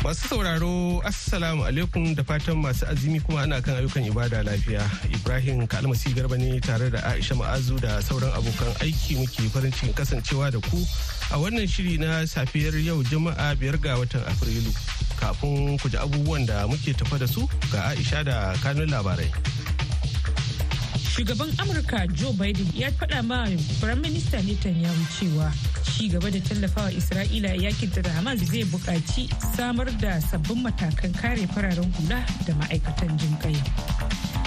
Masu sauraro Assalamu alaikum da fatan masu azumi kuma ana kan ayyukan ibada lafiya. Ibrahim Kalmasi Garba ne tare da Aisha Ma'azu da sauran abokan aiki muke farin cikin kasancewa da ku a wannan shiri na safiyar yau Juma'a biyar ga watan Afrilu. Kafin ku ji abubuwan da muke tafa da su ga Aisha da kanun labarai. shugaban amurka joe biden ya faɗa ma firaminista netanyahu cewa ci gaba da tallafawa isra'ila yakin da hamas zai buƙaci samar da sabbin matakan kare fararen hula da ma'aikatan kai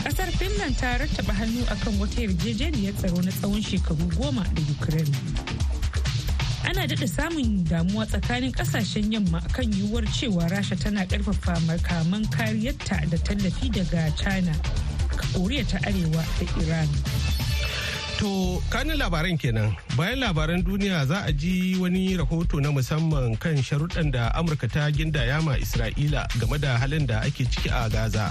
kasar finland ta rattaba hannu akan wata yarjejeniyar tsaro na tsawon shekaru goma da ukraine ana daɗa samun damuwa tsakanin kasashen yamma kan yiwuwar cewa rasha tana ƙarfafa makaman kariyarta da tallafi daga china koriya ta arewa da iran To kanin labaran kenan bayan labaran duniya za a ji wani rahoto na musamman kan sharuɗan da amurka ta ginda yama isra'ila game da halin da ake ciki a gaza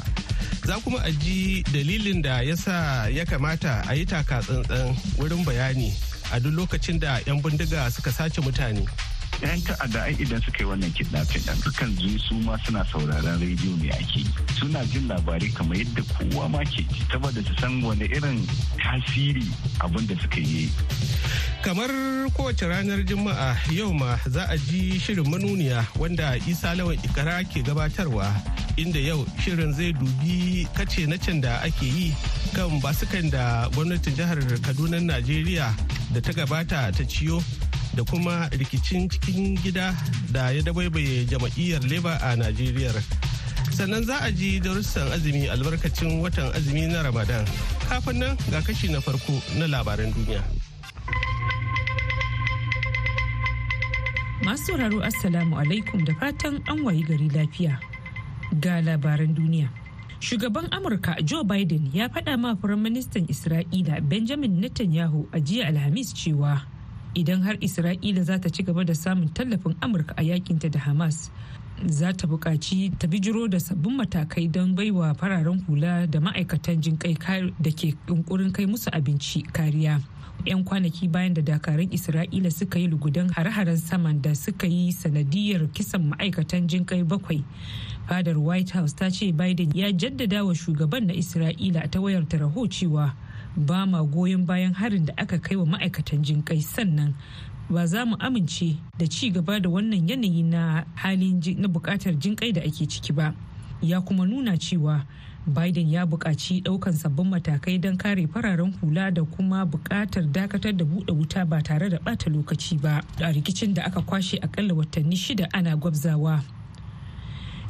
za kuma a ji dalilin da ya sa ya kamata a yi taka tsantsan wurin bayani a duk lokacin da 'yan bindiga suka sace mutane. yan ta'adda ai idan suka yi wannan kidnapping din sukan je su ma suna sauraron rediyo ne ake suna jin labarai kamar yadda kowa ma ke da su san wani irin tasiri abin da suka yi kamar kowace ranar juma'a yau ma za a ji shirin manuniya wanda isa lawan ikara ke gabatarwa inda yau shirin zai dubi kace na can da ake yi kan basukan da gwamnatin jihar kaduna najeriya da ta gabata ta ciyo da kuma rikicin cikin gida da ya dabaibaye jama'iyyar leba a najeriya sannan za a ji darussan azumi albarkacin watan azumi na ramadan kafin nan ga kashi na farko na labaran duniya masu sauraro assalamu alaikum da fatan an wayi gari lafiya ga labaran duniya shugaban amurka joe biden ya faɗa ma firaministan isra'ila benjamin netanyahu a jiya alhamis cewa idan har isra'ila za ta ci gaba da samun tallafin amurka a yakinta da hamas za ta buƙaci ta bijiro da sabbin matakai don baiwa fararen hula da ma'aikatan jinƙai da ke yunkurin kai musu abinci kariya 'yan kwanaki bayan da dakarun isra'ila suka yi lugudan hare-haren saman da suka yi sanadiyar kisan ma'aikatan jinƙai bakwai fadar white house ta ce biden ya jaddada wa shugaban na isra'ila ta wayar taraho cewa ba ma goyon bayan harin da aka kai wa ma'aikatan jin kai sannan ba za mu amince da ci gaba da wannan yanayi na halin na bukatar kai da ake ciki ba ya kuma nuna cewa biden ya buƙaci ɗaukan sabbin matakai don kare fararen hula da kuma buƙatar dakatar da buɗe wuta ba tare da ɓata lokaci ba a rikicin da aka kwashe akalla watanni shida ana gwabzawa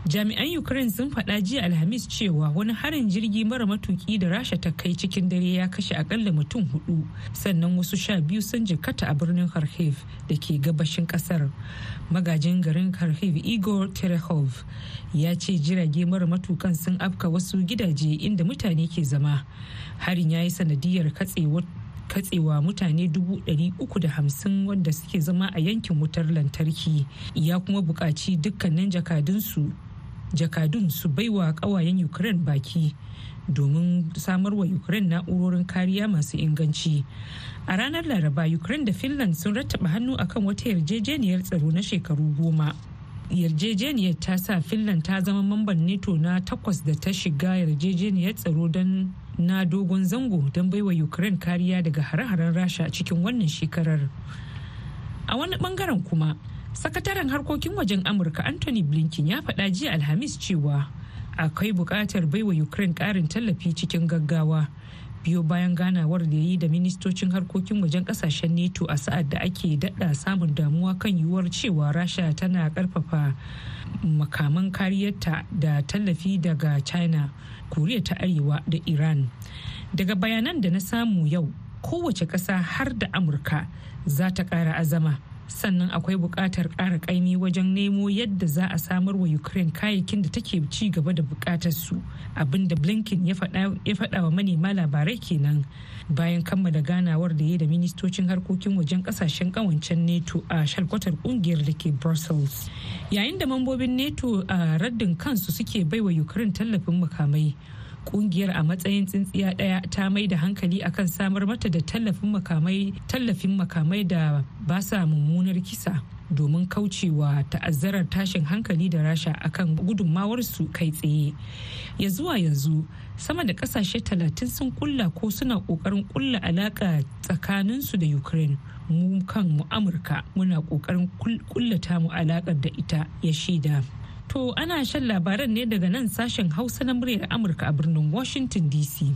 jami'an ukraine sun faɗa jiya alhamis cewa wani harin jirgi mara matuki da rasha ta kai cikin dare ya kashe akalla mutum hudu sannan wasu sha biyu sun jikata a birnin kharkiv da ke gabashin kasar magajin garin kharkiv igor terehov ya ce jirage mara matukan sun afka wasu gidaje inda mutane ke zama harin ya yi sanadiyar katsewa mutane hamsin wanda suke zama a yankin wutar lantarki ya kuma buƙaci dukkanin jakadunsu jakadun su baiwa ƙawayen ukraine baki domin samar wa ukraine na'urorin kariya masu inganci a ranar laraba ukraine da finland sun rattaba hannu akan wata yarjejeniyar tsaro na shekaru goma yarjejeniyar ta sa finland ta zama mamban neto na takwas da ta shiga yarjejeniyar tsaro don na dogon zango don baiwa ukraine kariya daga hare-haren rasha cikin wannan shekarar a wani bangaren kuma sakataren harkokin wajen amurka anthony blinken ya faɗa jiya alhamis cewa akwai buƙatar baiwa ukraine ƙarin tallafi cikin gaggawa biyo bayan ganawar da ya yi da ministocin harkokin wajen ƙasashen neto a sa'ad da ake daɗa samun damuwa kan yiwuwar cewa rasha tana ƙarfafa makaman kariyarta da tallafi daga china koriya ta arewa da iran daga bayanan da na samu yau kowace ƙasa har da amurka za ta ƙara azama sannan akwai buƙatar ƙara ƙaimi wajen nemo yadda za a samar wa ukraine kayayyakin da take ci gaba da buƙatar su abinda blinken ya faɗa wa manema labarai kenan bayan kammala ganawar da ya da ministocin harkokin wajen ƙasashen ƙawancen neto a shalkwatar ƙungiyar da ke brussels yayin da mambobin neto a raddin kansu suke baiwa ukraine tallafin makamai kungiyar a matsayin tsintsiya ɗaya ta mai da hankali akan samar mata da tallafin makamai tallafin makamai da ba sa mummunar kisa domin kaucewa ta'azzarar tashin hankali da rasha akan gudunmawarsu kai tsaye ya zuwa yanzu sama da kasashe talatin sun kulla ko suna kokarin kulla alaka tsakaninsu da ukraine mu kan mu amurka muna kokarin kullata mu alakar da ita ya shaida To ana shan labaran ne daga nan sashen Hausa na muryar Amurka a birnin Washington DC.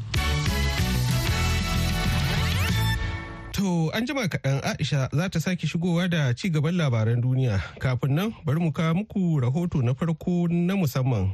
To an jima kaɗan Aisha za ta sake shigowa da ci gaban labaran duniya kafin nan bari mu kawo muku rahoto na farko na musamman.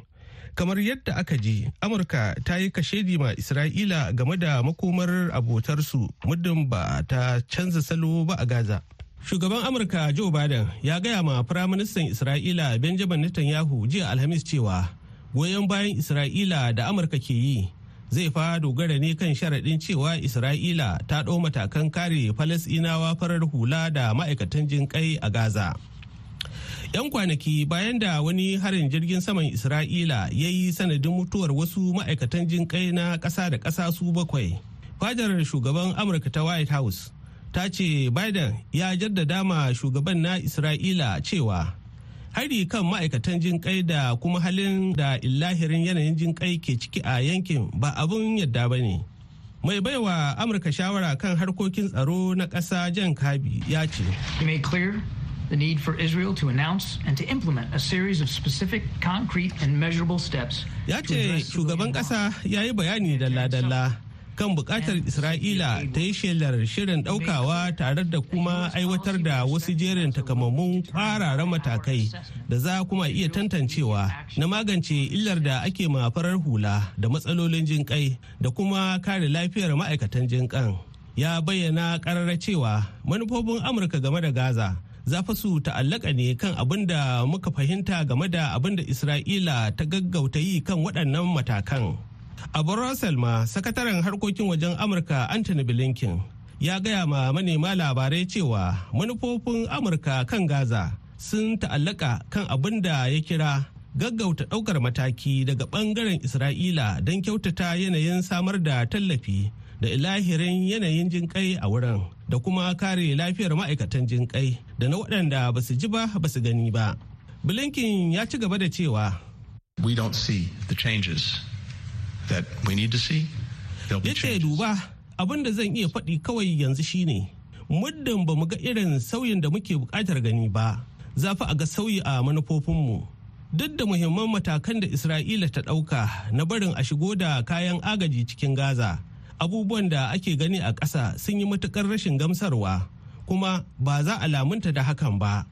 Kamar yadda aka ji, Amurka ta yi kashedi ma Isra'ila game da makomar abotarsu muddin ba ta canza salo ba a Gaza. Shugaban Amurka Joe Biden ya gaya ma Firaministan Isra'ila Benjamin Netanyahu jiya Alhamis cewa goyon bayan Isra'ila da Amurka ke yi zai fa dogara ne kan sharaɗin cewa Isra'ila ta ɗau matakan kare Falasɗinawa farar hula da ma'aikatan jinƙai a Gaza. 'Yan kwanaki bayan da wani harin jirgin saman Isra'ila ya yi sanadin mutuwar wasu ma'aikatan jinƙai na ƙasa da ƙasa su bakwai. Fadar shugaban Amurka ta White House ta ce biden ya jaddada ma shugaban na isra'ila cewa hari kan ma'aikatan jin kai da kuma halin da illahirin yanayin jin kai ke ciki a yankin ba abun yadda ba ne mai baiwa amurka shawara kan harkokin tsaro na ƙasa jan kabi ya ce The need for Israel to announce and to implement a series of specific, concrete, and measurable steps. Ya ce shugaban ƙasa ya yi bayani dalla-dalla kan bukatar Isra'ila ta yi shelar shirin daukawa tare da kuma aiwatar da wasu jerin takamammun kwararan matakai da za kuma iya tantancewa na magance illar da ake mafarar hula da matsalolin jinƙai da kuma kare lafiyar ma'aikatan jinƙan. Ya bayyana ƙararra cewa manufofin Amurka game da Gaza za fa su ta'allaka ne kan abin da muka fahimta game da abin da Isra'ila ta gaggauta yi kan waɗannan matakan. A Brussels sakataren harkokin wajen Amurka Anthony Blinken ya gaya ma manema labarai cewa manufofin Amurka kan Gaza sun ta'allaka kan abin da ya kira gaggauta ɗaukar mataki daga ɓangaren Isra'ila don kyautata yanayin samar da tallafi da ilahirin yanayin jinƙai a wurin da kuma kare lafiyar ma'aikatan jinƙai da na waɗanda ba su ji ba ba su gani ba. Blinken ya ci gaba da cewa. We don't see the changes that we need to see. duba abin da zan iya faɗi kawai yanzu shine muddin ba mu ga irin sauyin da muke buƙatar gani ba za fi a ga sauyi a manufofinmu duk da muhimman matakan da Isra'ila ta ɗauka na barin a shigo da kayan agaji cikin Gaza abubuwan da ake gani a ƙasa sun yi matuƙar rashin gamsarwa kuma ba za a lamunta da hakan ba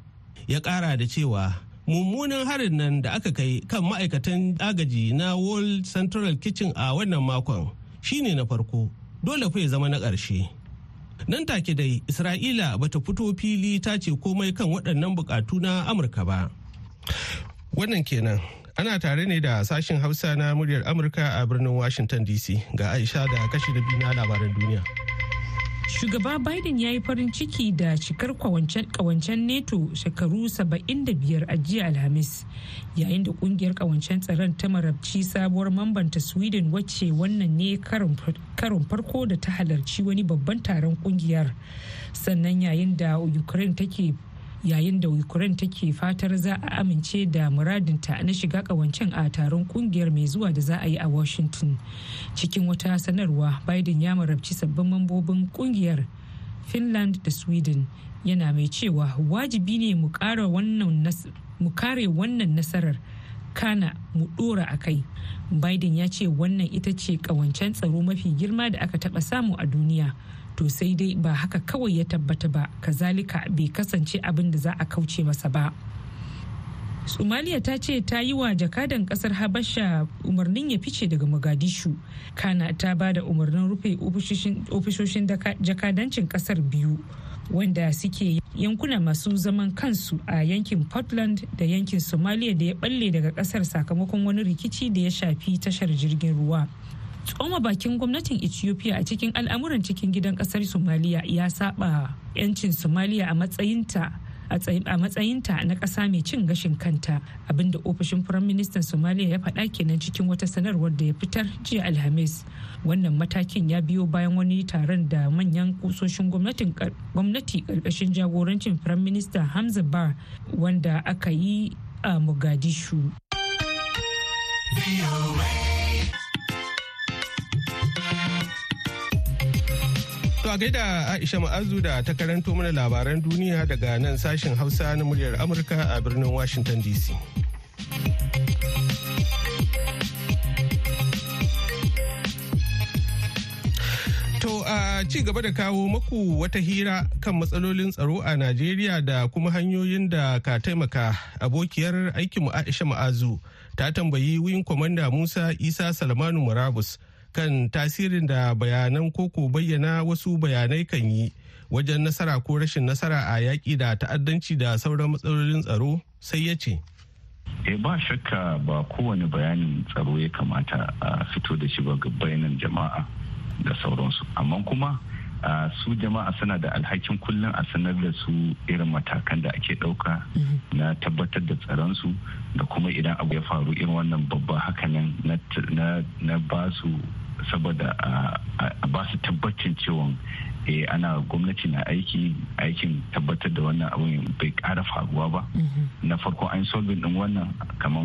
ya ƙara da cewa mummunan harin nan da aka kai kan ma'aikatan agaji na world central kitchen a wannan makon shine na farko dole fa ya zama na ƙarshe nan take dai isra'ila bata fito fili ta ce komai kan waɗannan buƙatu na amurka ba wannan kenan ana tare ne da sashin hausa na muryar amurka a birnin washington dc ga aisha da kashi na biyu na labaran duniya shugaba biden ya yi farin ciki da cikar kawancen neto shekaru 75 a jiya alhamis yayin da kungiyar kawancen tsaron ta marabci sabuwar mambanta sweden wacce wannan ne karin farko da ta halarci wani babban taron kungiyar sannan yayin da ukraine take yayin da ukraine take fatar za a amince da muradinta na shiga kawancen a taron kungiyar mai zuwa da za a yi a washington cikin wata sanarwa biden ya marabci sabbin mambobin kungiyar finland da sweden yana mai cewa wajibi ne mu kare wannan nasarar kana mu dora a kai biden ya ce wannan ita ce kawancen tsaro mafi girma da aka taba samu a duniya to sai dai ba haka kawai ya tabbata ba kazalika bai kasance abin da za a kauce masa ba somaliya ta ce ta yi wa jakadan kasar habasha umarnin ya fice daga mogadishu kana ta ba da umarnin rufe ofishoshin jakadancin kasar biyu wanda suke yankuna masu zaman kansu a yankin portland da yankin somaliya da ya balle daga kasar sakamakon wani rikici da ya shafi tashar jirgin ruwa tsoma bakin gwamnatin ethiopia a cikin al'amuran cikin gidan kasar somaliya ya saba 'yancin somaliya a matsayinta a matsayinta na ƙasa mai cin gashin kanta abinda ofishin firaministan somaliya ya faɗa kenan cikin wata sanarwar da ya fitar jiya alhamis wannan matakin ya biyo bayan wani taron da manyan kusoshin gwamnati ƙarƙashin jagorancin minista hamza bar wanda aka yi a mogadishu. a gaida Aisha Ma'azu da ta karanto mana labaran duniya daga nan sashen Hausa na muryar Amurka a birnin Washington DC. To a ci gaba da kawo maku wata hira kan matsalolin tsaro a Najeriya da kuma hanyoyin da ka taimaka abokiyar aikinmu Aisha Ma'azu ta tambayi wing kwamanda Musa Isa Salmanu Murabus. kan tasirin da bayanan koko bayyana wasu bayanai kan yi wajen nasara ko rashin nasara a yaƙi da ta'addanci da sauran matsalolin tsaro sai ya ce. E ba shakka ba kowane bayanin tsaro ya kamata a fito da shi ba ga bayanan jama'a da sauransu. Amma kuma su jama'a suna da alhakin kullum a sanar da su irin matakan da ake ɗauka mhm. na tabbatar da tsaronsu da kuma idan abu ya faru irin wannan babba hakanan na ba su saboda ba tabbacin cewa eh ana gwamnati na aiki aikin tabbatar da wannan abin bai kara faruwa ba mhm. na farko an ɗin din wannan kamar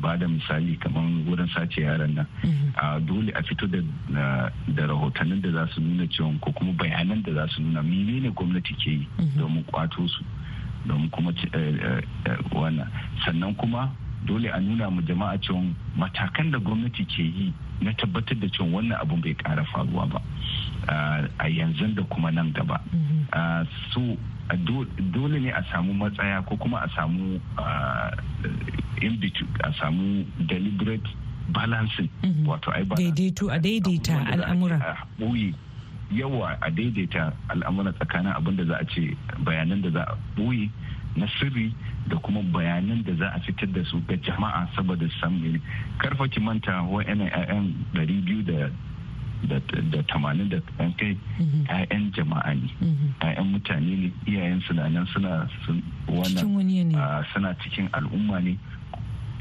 ba da misali kamar wurin sace yaran nan mhm. a ah, dole a fito da rahotannin da za su nuna cewa ko kuma bayanan da za su nuna menene gwamnati ke yi mhm. domin kwato su domin kuma eh, eh, eh, wannan sannan kuma dole a nuna mu jama'a cewa matakan da gwamnati ke yi na tabbatar da cewa wannan abun bai kara faruwa ba a yanzu da kuma nan gaba so dole ne a samu matsaya ko kuma a samu a samu deliberate balancing mhm. wato ai daidaito a daidaita al'amura yawa a daidaita al'amura tsakanin abin da za a ce bayanan da za a ɓoye na sirri da kuma bayanan da za a fitar da su ga jama'a saboda samun karfa ki manta wa biyu 200 da tamanin da ɗan kai mhm. ƴaƴan jama'a ne mhm. ƴaƴan mutane ne iyayen suna nan suna wani ah, suna cikin al'umma ne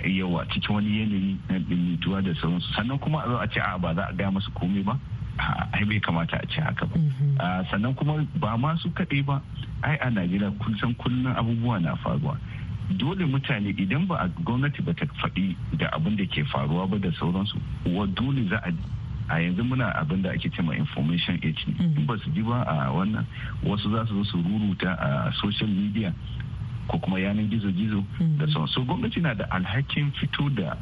yawa cikin wani yanayi na dimituwa da sauransu sannan kuma a a ce a ba za a gaya masu komai ba ai bai kamata a ce haka ba mhm. ah, sannan kuma ba ma su kaɗai ba ai a najeriya kusan san kullum abubuwa na faruwa dole mutane idan ba a gwamnati ba ta faɗi da abin da ke faruwa ba da sauransu wa dole za a a yanzu muna abin da ake cema information age ne in ba su ji ba a wannan wasu za su zo su ruruta a social media ko kuma yanar gizo-gizo da mm. sauran so gwamnati na da alhakin fito da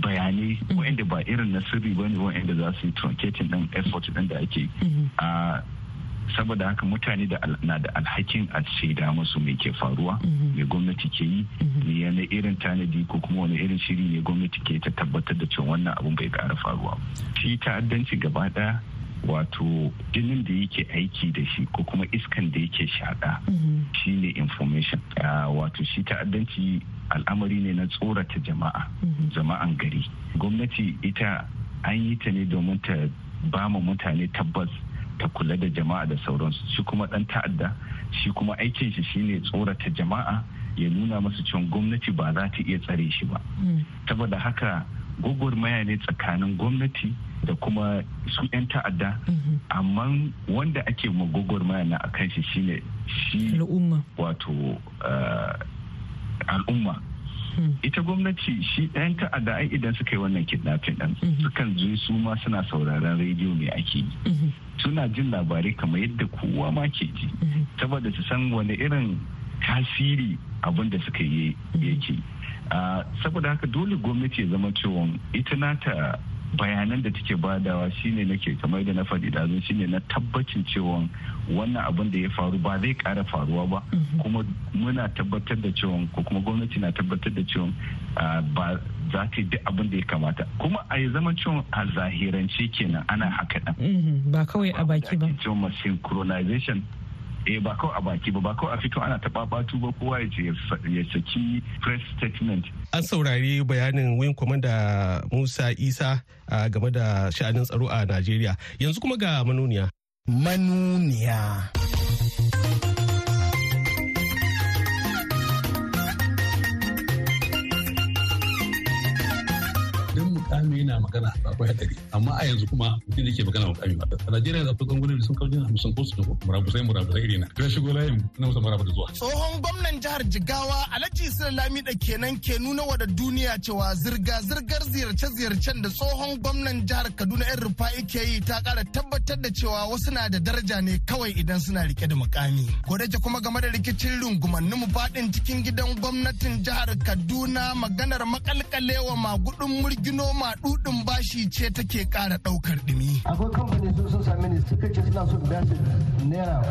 bayanai mm. wa'anda ba irin na sirri ba ne wa'anda za su yi truncating din effort din da ake mm-hmm. a saboda haka mutane da na da alhakin a shaida musu mai ke faruwa mhm. me gwamnati ke yi mhm. me yana irin tanadi ko kuma wani irin shiri ne gwamnati ke ta tabbatar da cewa wannan abun bai kara faruwa shi ta'addanci gaba ɗaya wato jinin da yake aiki da shi ko kuma iskan da yake shaɗa mhm. shi ne information wato shi ta'addanci al'amari ne na tsorata jama'a jama'an gari gwamnati ita an yi ta ne domin ta ba mutane tabbas ta kula da jama'a da sauransu shi kuma dan ta'adda shi kuma aikin shi shine tsorata jama'a ya nuna masu cewa gwamnati ba za ta iya tsare shi ba mm. saboda haka gwagwarmaya ne tsakanin gwamnati da kuma su 'yan ta'adda mm-hmm. amma wanda ake ma gwagwarmaya na akan shi shine shi wato eh, al'umma ita gwamnati shi ɗayan ta'adda ai idan suka yi wannan kidnapping ɗin mhm. sukan zo su ma suna sauraron rediyo ne ake yi mhm. suna jin labarai kamar yadda kowa ma ke ji mhm. saboda su san wani irin tasiri abin da suka yi yake ah, saboda haka dole gwamnati ya zama cewa ita nata bayanan da take badawa shine nake kamar da na faɗi da zo shine na tabbacin cewa wannan abin da ya faru ba zai kara faruwa ba mhm. kuma muna tabbatar da cewa ko kuma gwamnati na tabbatar da cewa ba za ta yi abin da ya kamata kuma a yi zama cewa a zahirance kenan ana haka mhm, ba kawai a baki ba cewa eh ba kawai a baki ba ba kawai a fito ana taɓaɓatu ba kowa ya ya saki press statement an saurari bayanin wing commander musa isa a game da sha'anin tsaro a najeriya yanzu kuma ga manuniya manuniya mukami yana magana ba akwai hadari amma a yanzu kuma mutum da ke magana mukami ba a Najeriya da akwai da sun kawo jina musan kosu da murabusai murabusai iri na ya shigo layin na musamman rabu da zuwa. Tsohon gwamnan jihar Jigawa Alhaji Sulami da kenan ke nuna wa da duniya cewa zirga-zirgar ziyarce-ziyarcen da tsohon gwamnan jihar Kaduna yan rufa ke yi ta kara tabbatar da cewa wasu na da daraja ne kawai idan suna rike da mukami. Ko da kuma game da rikicin rungumannin mu faɗin cikin gidan gwamnatin jihar Kaduna maganar makalkalewa magudun murgino ma ɗuɗin bashi ce take ƙara ɗaukar ɗumi. Akwai kamfani sun sun sami ne suka ce suna son biya su naira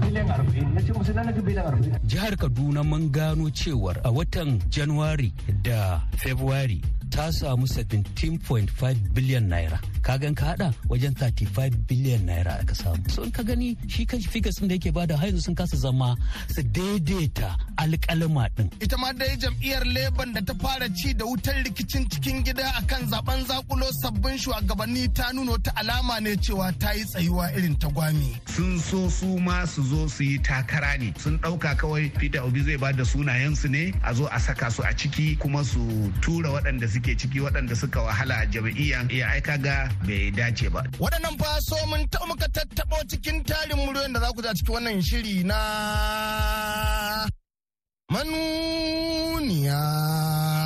biliyan arba'in na ce musu na naga biliyan arba'in. Jihar Kaduna mun gano cewar a watan Januwari da Februari ta samu 17.5 biliyan naira ka gan ka hada wajen 35 biliyan naira aka samu so in ka gani shi kan figures da yake bada yanzu sun kasa zama su daidaita alƙalma din ita ma dai jam'iyyar leban da ta fara ci da wutar rikicin cikin gida akan zaben zakulo sabbin shugabanni ta nuno ta alama ne cewa ta yi tsayuwa irin ta gwami sun so su ma su zo su yi takara ne sun ɗauka kawai peter obi zai bada sunayensu ne a zo a saka su a ciki kuma su tura waɗanda suke ciki waɗanda suka wahala a jam'iyyan ya aika ga bai dace ba waɗannan fa so mun ta muka tattaɓo cikin tarin muryoyin da za ku a cikin wannan shiri na manuniya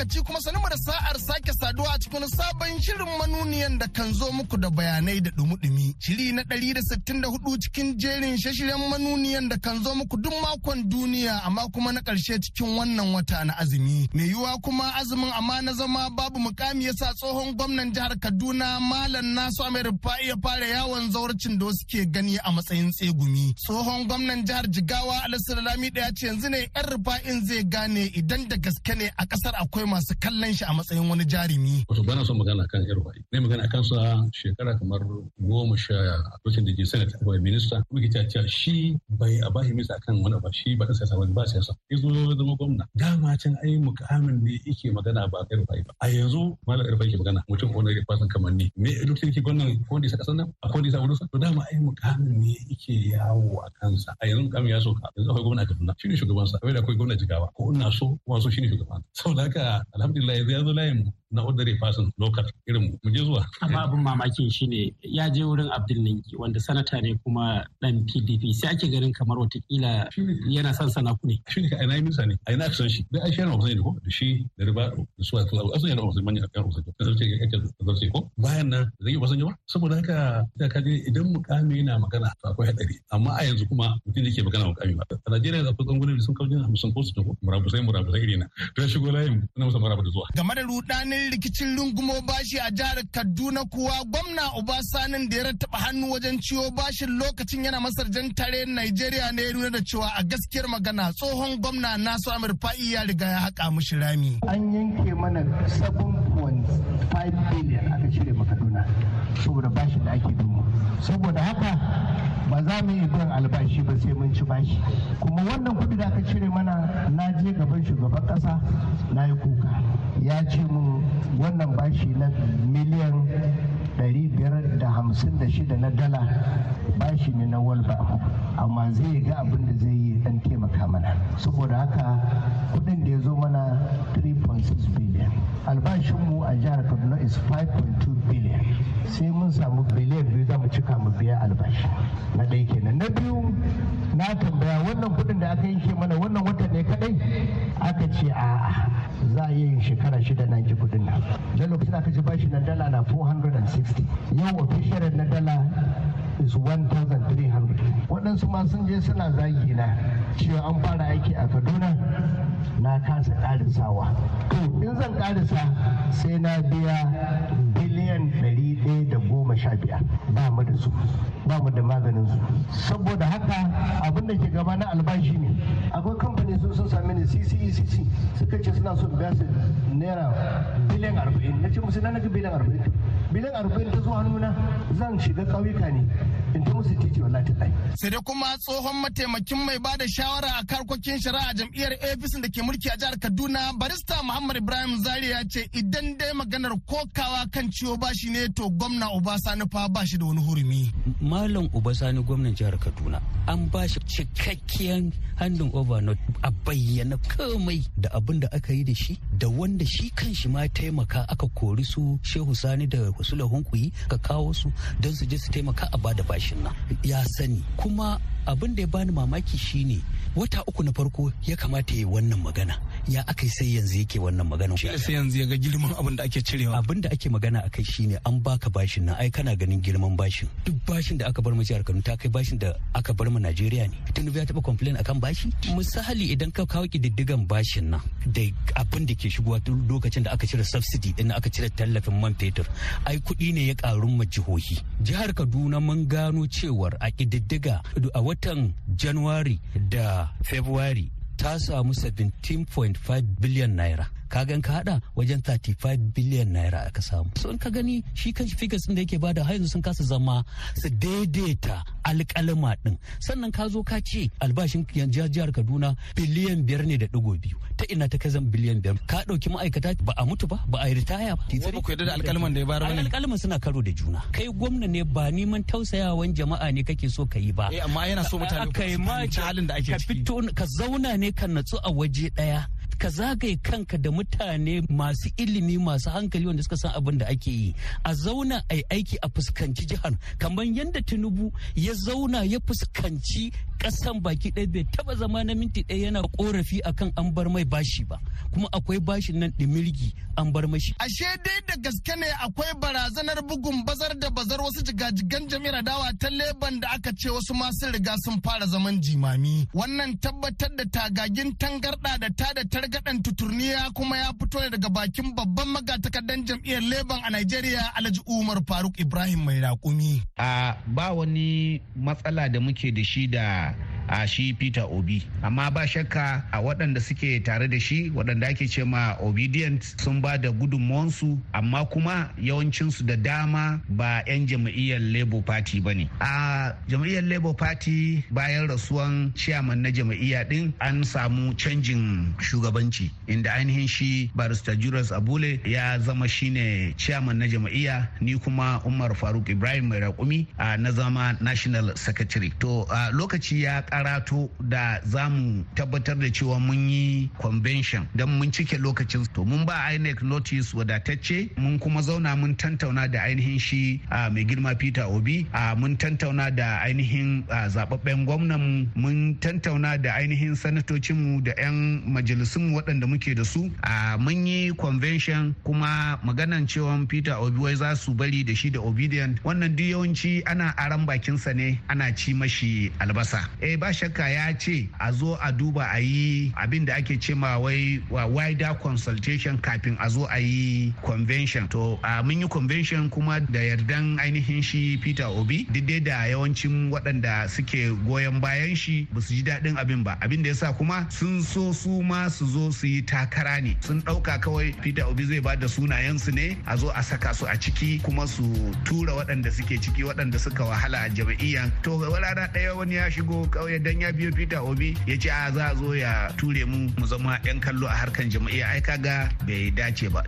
lokaci kuma sanin da sa'ar sake saduwa a cikin sabon shirin manuniyan da kan zo muku da bayanai da dumi-dumi. Shiri na ɗari da sittin da hudu cikin jerin shashiren manuniyan da kan zo muku duk makon duniya amma kuma na ƙarshe cikin wannan wata na azumi. Mai yiwuwa kuma azumin amma na zama babu mukami yasa tsohon gwamnan jihar Kaduna Malam Nasu Amir Rufa'i ya fara yawon zauracin da wasu ke gani a matsayin tsegumi. Tsohon gwamnan jihar Jigawa Alassar Lami ya ce yanzu ne 'yan Rufa'in zai gane idan da gaske ne a ƙasar akwai masu kallon shi a matsayin wani jarumi. Wato bana son magana kan Erwai. Ne magana kan sa shekara kamar goma sha lokacin da ke senate ko minista. Muke ta cewa shi bai a bashi minista kan wani ba shi ba kan siyasa wani ba siyasa. Ya zo ya zama gwamna. Dama can ai mukamin ne yake magana ba Erwai ba. A yanzu malam Erwai ke magana mutum wanda ne fasan kamar ni. Me lokacin ke gwamna ko da ya kasan nan a ko da ya sa wani sa. To dama ai mukamin ne yake yawo a kansa. A yanzu mukamin ya soka. Yanzu akwai gwamna a Kaduna. Shi ne shugabansa. Akwai da akwai gwamna Jigawa. Ko ina so ko so shi ne shugabansa. Saboda haka alhamdulillah yanzu ya zo layin mu na ordinary person local irin mu je zuwa. Amma abin mamakin shi ne ya je wurin Abdul Ninki wanda sanata ne kuma dan PDP sai ake garin kamar watakila yana son sana ku ne. Shi ne n'a yi ne a ina san shi da ashe yana ofisai ne ko da shi da riba da suwa a kalabu asan yana ofisai manya a kan ka zarce ka zarce ko bayan nan zai yi wasan yawa saboda haka da ka je idan mukami yana magana to akwai hadari amma a yanzu kuma mutum yake magana mukami ba. A Najeriya da akwai gudun da sun kawo jina hamsin ko su ko. murabusai murabusai irina to shigo layin na musa ba da zuwa. Game da rudani bayan rikicin rungumo bashi a jihar Kaduna kuwa gwamna Obasanin da ya rattaba hannu wajen ciwo bashin lokacin yana masar jan tare Najeriya ne ya nuna da cewa a gaskiyar magana tsohon gwamna Nasu Amir Fa'i ya riga ya haƙa mushi rami. An yanke mana 7.5 billion aka cire ma Kaduna saboda bashin da ake dumo. Saboda haka ba za mu yi don albashi ba sai mun ci bashi. Kuma wannan kuɗi da aka cire mana na je gaban shugaban ƙasa na yi kuka. ya ce mu wannan bashi na miliyan 556 na dala bashi ne na walba amma zai ga abin da zai yi dan taimaka mana saboda haka kudin da ya zo mana 3.6 billion albashinmu a jihar kaduna is 5.2 billion sai mun samu biliyan biyu za mu cika mu biya albashi na ɗaya kenan na biyu na tambaya wannan kuɗin da aka yanke mana wannan wata ne kaɗai aka ce a za a yin shekara shida na ji kudin nan da lokacin aka ji bashi na dala na 460 yau official na dala is 1300 waɗansu ma sun je suna zagi na cewa an fara aiki a kaduna na kasa ƙarisawa to in zan ƙarisa sai na biya miliyan 115 ba mu da su ba mu da maganin su saboda haka abin da ke gaba na albashi ne akwai kamfani sun sun sami ne ccecc suka ce suna so biya su naira biliyan 40 na ce musu na naga biliyan 40 bilan arba'in ta zo hannuna zan shiga ƙauyuka ne in ta musu titi wallahi ta sai dai kuma tsohon mataimakin mai bada shawara a karkokin shari'a jam'iyyar APC da ke mulki a jihar Kaduna barista Muhammad Ibrahim Zari ya ce idan dai maganar kokawa kan ciwo bashi ne to gwamna Obasani fa ba shi da wani hurumi. Malam Obasani gwamnan jihar Kaduna an ba shi cikakkiyar handin over not a bayyana komai da abin da aka yi da shi da wanda shi kan shi ma taimaka aka kori su Shehu Sani da su lahunkuyi ka kawo su don su je su taimaka a bada bashin nan ya sani kuma abin da ya bani mamaki shine wata uku na farko ya kamata ya yi wannan magana ya aka yi sai yanzu yake wannan magana shi sai yanzu ya ga girman abin da ake cirewa abin da ake magana akai shine an baka bashin na ai kana ganin girman bashin duk bashin da aka bar mu jihar Kano ta kai bashin da aka bar mu Najeriya ne Tinubu ya taba complain akan bashi misali idan ka kawo kididdigan bashin nan da abin da ke shigowa tun lokacin da aka cire subsidy din aka cire tallafin man fetur ai kuɗi ne ya karu mu jihohi jihar Kaduna mun gano cewar a kididdiga a watan January da February ta samu 17.5 biliyan naira ka gan ka hada wajen 35 biliyan naira aka samu so in ka gani shi kan figures din da yake bada har yanzu sun kasa zama su daidaita alƙalma din sannan ka zo ka ce albashin yanzu jihar Kaduna biliyan biyar ne da digo biyu ta ina ta kai zan biliyan biyar ka dauki ma'aikata ba a mutu ba ba a ritaya ba ba ku yarda da alƙalman da ya bayar wani. alƙalman suna karo da juna kai gwamna ne ba neman tausayawan jama'a ne kake so ka yi ba eh, amma yana so mutane ka yi ma ka fito ka zauna ne ka natsu a waje daya ka zagaye kanka da mutane masu ilimi masu hankali wanda suka san abin da ake yi a zauna a yi aiki a fuskanci jihar kamar yadda tinubu ya zauna ya fuskanci kasan baki ɗaya bai taba zama na minti ɗaya yana korafi akan an bar mai bashi ba kuma akwai bashin nan ɗimirgi an bar mashi. ashe dai da gaske ne akwai barazanar bugun bazar da bazar wasu jigajigan jami'ar dawa ta leban da aka ce wasu masu riga sun fara zaman jimami wannan tabbatar da tagagin tangarɗa da ta da gadan tuturniya kuma ya fito ne daga bakin babban magatakardan jam'iyyar Leban a Najeriya Alhaji Umar Faruk Ibrahim mai raƙumi. A ba wani matsala da muke da shi da a shi peter obi amma ba shakka a waɗanda suke tare da shi waɗanda ake ce ma obedient sun ba da gudunmuwansu amma kuma yawancinsu da dama ba 'yan jam'iyyar labour party ba ne a jam'iyyar labour party bayan rasuwan chairman na jam'iyya din an samu canjin shugabanci inda ainihin shi barista julius abule ya zama shine chairman na jam'iyya ni kuma umar faruk ibrahim mai raƙumi na zama national secretary to lokaci ya karato da za mu tabbatar da cewa mun yi convention don mun cike lokacin to mun ba inec notice wadatacce mun kuma zauna mun tantauna da ainihin shi mai girma peter obi mun tantauna da ainihin zababben gwamnan mun tantauna da ainihin sanatocinmu da 'yan majalisun waɗanda muke da su mun yi convention kuma maganan cewa peter obi wai za su bari da shi da obedient wannan duk yawanci ana aran bakinsa ne ana ci mashi albasa eh ba shakka ya ce a zo a duba a yi abin da ake ce ma wai wider consultation kafin a zo a yi convention to a mun yi convention kuma da yardan ainihin shi peter obi dai da yawancin waɗanda suke goyon bayan shi ba su ji daɗin abin ba abin da ya sa kuma sun so su ma su zo su yi takara ne sun ɗauka kawai peter obi zai ba da sunayensu ne a zo a saka su a ciki kuma su tura waɗanda suke ciki waɗanda suka wahala a jam'iyyan to wani ɗaya wani ya shigo kawai dan ya biyo Peter Obi ya ce a ah, za a zo ya ture mu mu zama 'yan kallo a harkan jama'a ai kaga bai dace ba.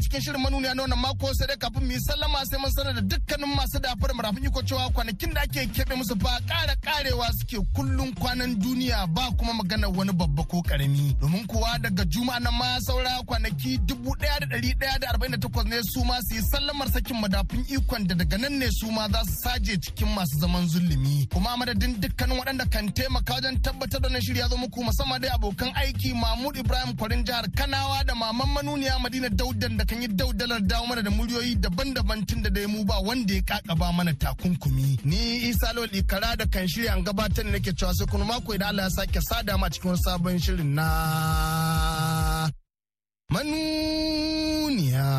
cikin shirin manuniya na wannan mako sai dai kafin mu yi sallama sai mun sanar da dukkanin masu dafar marafin iko cewa kwanakin da ake keɓe musu ba ƙara ƙarewa suke kullum kwanan duniya ba kuma magana wani babba ko ƙarami domin kuwa daga juma'a na ma saura kwanaki dubu ɗaya da ɗari ɗaya da arba'in da takwas ne su ma su yi sallamar sakin madafin ikon da daga nan ne su ma za su saje cikin masu zaman zulumi kuma madadin dukkanin waɗanda kan taimaka wajen tabbatar da na shirya zo muku musamman dai abokan aiki mahmud ibrahim kwarin jihar kanawa da maman manuniya madina daudan da kan yi daudalar dawo mana da muryoyi daban-daban tun da dai mu ba wanda ya kakaba mana takunkumi. Ni Isa Lodi kara da kan shirya an gabatar da nake cewa sai kuma mako idan Allah ya sake sada ma cikin sabon shirin na manuniya.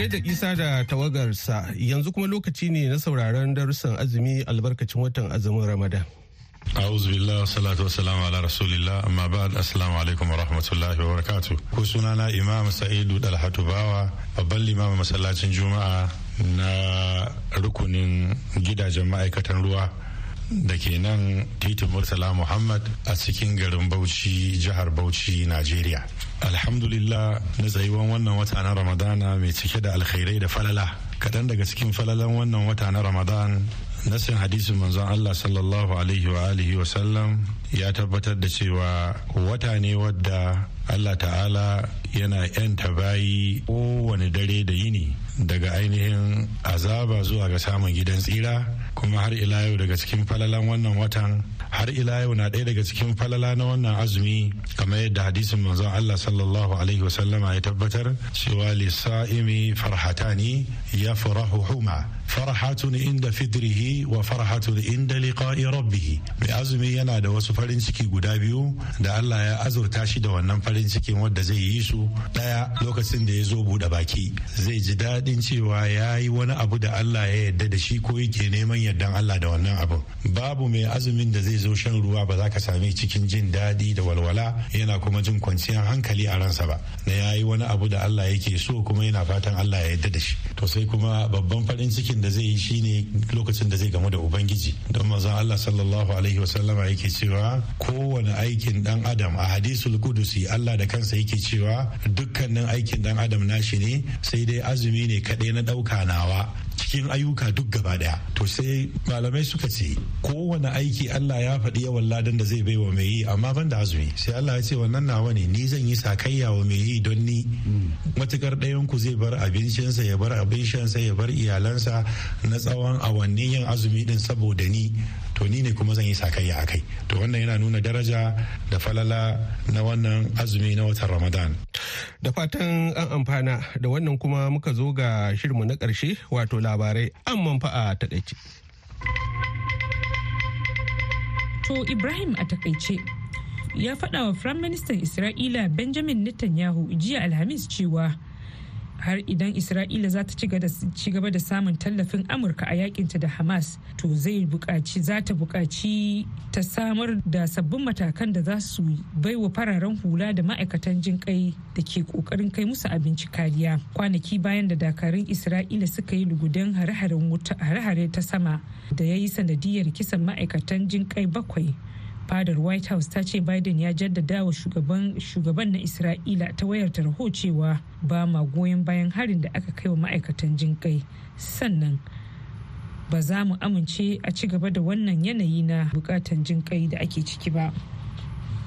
gaida isa da tawagarsa yanzu kuma lokaci ne na sauraron darussan azumi albarkacin watan azumin ramadan A'udhu billah salatu wassalamu ala rasulillah amma ba'd assalamu alaikum wa rahmatullahi wa Ko sunana Imam Sa'idu Dalhatu Bawa babban limamin masallacin Juma'a na rukunin gidajen ma'aikatan ruwa da ke nan titin Murtala Muhammad a cikin garin Bauchi jihar Bauchi Najeriya. Alhamdulillah na tsayuwan wannan wata na Ramadana mai cike da alkhairai da falala. Kaɗan daga cikin falalan wannan wata na Ramadan nasin hadisin manzon Allah sallallahu alaihi wa alihi wa sallam ya tabbatar da cewa wata ne wadda Allah ta'ala yana yanta bayi kowane dare da yini daga ainihin azaba zuwa ga samun gidan tsira kuma har ila yau daga cikin falalan wannan watan har ila yau na ɗaya daga cikin falala na wannan azumi kamar yadda hadisin manzon Allah sallallahu alaihi wasallama ya tabbatar cewa lisa'imi farhatani ya farahu huma farhatun inda fidrihi wa farhatun inda liqa'i rabbih mai azumi yana da wasu farin ciki guda biyu da Allah ya azurta shi da wannan farin cikin wanda zai yi su ɗaya lokacin da ya zo buɗe baki zai ji daɗin cewa ya yi wani abu da Allah ya yarda da shi ko yake neman yardan Allah da wannan abin babu mai azumin da zai zo shan ruwa ba za ka sami cikin jin daɗi da walwala yana kuma jin kwanciyar hankali a ransa ba na yayi wani abu da Allah yake so kuma yana fatan Allah ya yarda da shi to sai kuma babban farin cikin da zai yi shine lokacin da zai gamu da ubangiji don manzon Allah sallallahu alaihi wasallama yake cewa kowane aikin dan adam a hadisul kudusi Allah da kansa yake cewa dukkanin aikin dan adam nashi ne sai dai azumi ne kadai na ɗauka nawa cikin ayyuka duk gaba daya to sai malamai suka ce kowane aiki Allah ya faɗi yawan ladan da zai baiwa mai yi amma ban da azumi sai Allah ya ce wannan nawa ne ni zan yi sakayya wa mai yi don ni matukar ɗayan ku zai bar abincinsa ya bar abin ya bar iyalansa na tsawon awanni yin azumi din saboda ni to ni ne kuma zan yi sakayya a kai to wannan yana nuna daraja da falala na wannan azumi na watan ramadan da fatan an amfana da wannan kuma muka zo ga shirmu na ƙarshe wato labarai an manfa'a ta ɗaici to ibrahim a takaice ya faɗa wa firaministan isra'ila benjamin netanyahu jiya alhamis cewa har idan isra'ila za ta ci gaba da samun tallafin amurka a yakinta da hamas to zai buƙaci za ta buƙaci ta samar da sabbin matakan da za su baiwa fararen hula da ma'aikatan jin kai da ke ƙoƙarin kai musu abinci kariya kwanaki bayan da dakarun isra'ila suka yi lugudan hare-hare ta sama da ya yi sanadiyar kisan ma'aikatan jin kai bakwai fadar white house ta ce biden ya jaddada wa shugaban na isra'ila ta wayar tarho cewa ba ma goyon bayan harin da aka kai wa ma'aikatan jinkai sannan ba za mu amince a ci gaba da wannan yanayi na bukatan jinkai da ake ciki ba.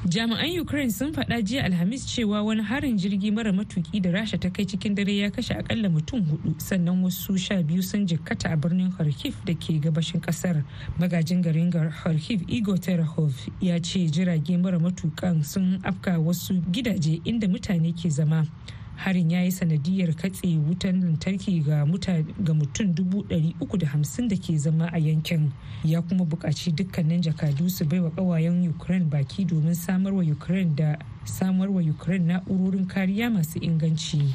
jami'an ukraine sun faɗa jiya alhamis cewa wani harin jirgi mara matuki da rasha ta kai cikin dare ya kashe akalla mutum hudu sannan wasu sha biyu sun jikkata a birnin kharkiv da ke gabashin kasar magajin garin kharkiv igor terahov ya ce jirage mara matukan sun afka wasu gidaje inda mutane ke zama harin ya yi sanadiyar katse wutan lantarki ga mutum dubu uku da hamsin da ke zama a yankin ya kuma buƙaci dukkanin jakadu su baiwa ƙawayen ukraine baki domin samarwa ukraine da samarwa ukraine na'urorin kariya masu inganci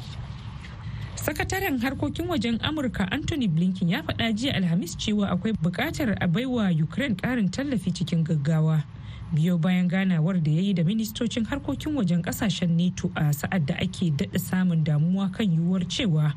sakataren harkokin wajen amurka anthony blinken ya faɗa jiya alhamis cewa akwai buƙatar a baiwa ukraine ƙarin tallafi cikin gaggawa biyo bayan ganawar da ya yi da ministocin harkokin wajen kasashen neto a sa'ad da ake daɗa samun damuwa kan yiwuwar cewa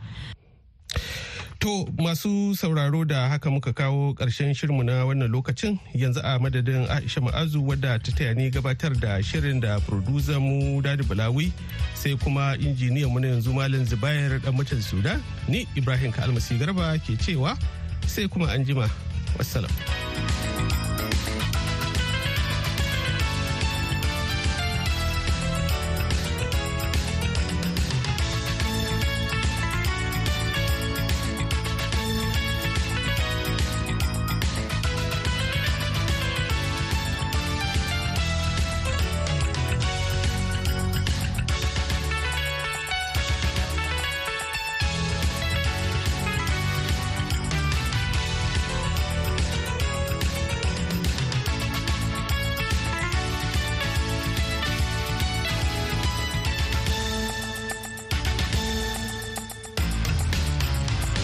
To masu sauraro da haka muka kawo ƙarshen shirmu na wannan lokacin yanzu a madadin Aisha Ma'azu wadda ta taya ni gabatar da shirin da producer mu Dadi Balawi sai kuma injiniyan mu na yanzu Malam Zubair dan mutan Sudan ni Ibrahim Kalmasi Garba ke cewa sai kuma anjima wassalam.